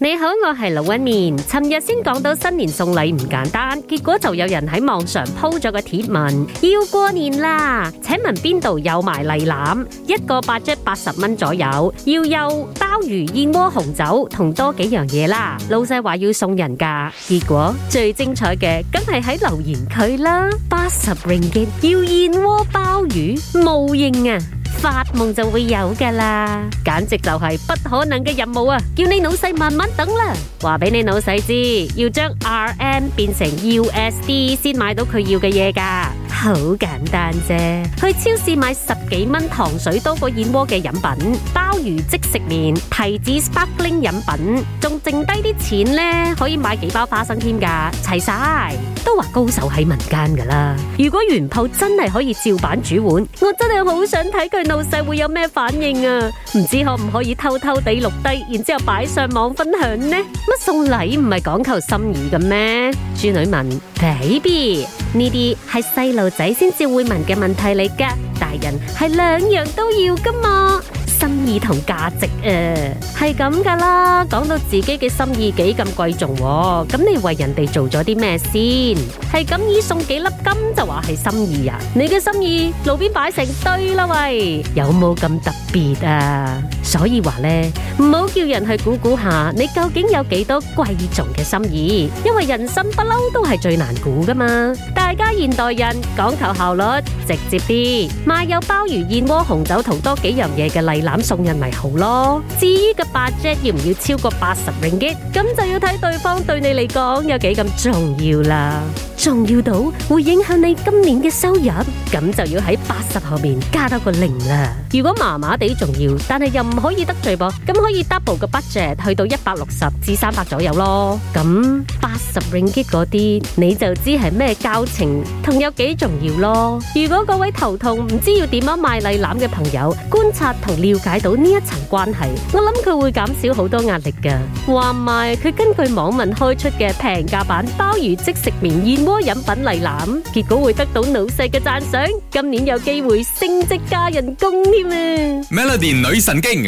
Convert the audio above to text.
你好，我係龍紋敏。尋日先講到新年送禮唔簡單，結果就有人喺網上鋪咗個貼文，要過年啦，請問邊度有賣禮籃？一個八只八十蚊左右，要有鮑魚、燕窩、紅酒同多幾樣嘢啦。老細話要送人噶，結果最精彩嘅，梗係喺留言區啦，八十 ringgit 要燕窩鮑魚，冇應啊！發夢就會有㗎喇，簡直就係不可能嘅任務啊！叫你老細慢慢等啦，話俾你老細知，要將 RM 變成 USD 先買到佢要嘅嘢㗎。好簡單啫，去超市買十幾蚊糖水多過燕窩嘅飲品，鮑魚即食麵、提子 sparkling 飲品，仲剩低啲錢呢？可以買幾包花生添噶，齊晒都話高手喺民間噶啦。如果原鋪真係可以照版煮碗，我真係好想睇佢老細會有咩反應啊！唔知可唔可以偷偷地錄低，然之後擺上網分享呢？乜送禮唔係講求心意嘅咩？豬女問，baby 呢啲係細路。仔先至會問嘅問題嚟嘅，大人係兩樣都要噶嘛，心意同價值啊，係咁噶啦。講到自己嘅心意幾咁貴重喎，咁你為人哋做咗啲咩先？係咁以送幾粒金就話係心意啊？你嘅心意路邊擺成堆啦喂，有冇咁特別啊？所以話咧，唔好叫人去估估下你究竟有幾多貴重嘅心意，因為人生不嬲都係最難估噶嘛。大家現代人講求效率，直接啲買有鮑魚、燕窩、紅酒同多幾樣嘢嘅禮籃送人咪好咯。至於個 budget 要唔要超過八十 ringgit，咁就要睇對方對你嚟講有幾咁重要啦。重要到會影響你今年嘅收入，咁就要喺八十後面加多個零啦。如果麻麻地重要，但係任可以得罪噃，咁可以 double 個 budget 去到一百六十至三百左右咯。咁八十 ringgit 嗰啲你就知係咩交情同有幾重要咯。如果各位頭痛唔知要點樣買禮籃嘅朋友，觀察同了解到呢一層關係，我諗佢會減少好多壓力噶。話埋佢根據網民開出嘅平價版鮑魚即食麵燕窩飲品禮籃，結果會得到老細嘅讚賞，今年有機會升職加人工添啊！Melody 女神經。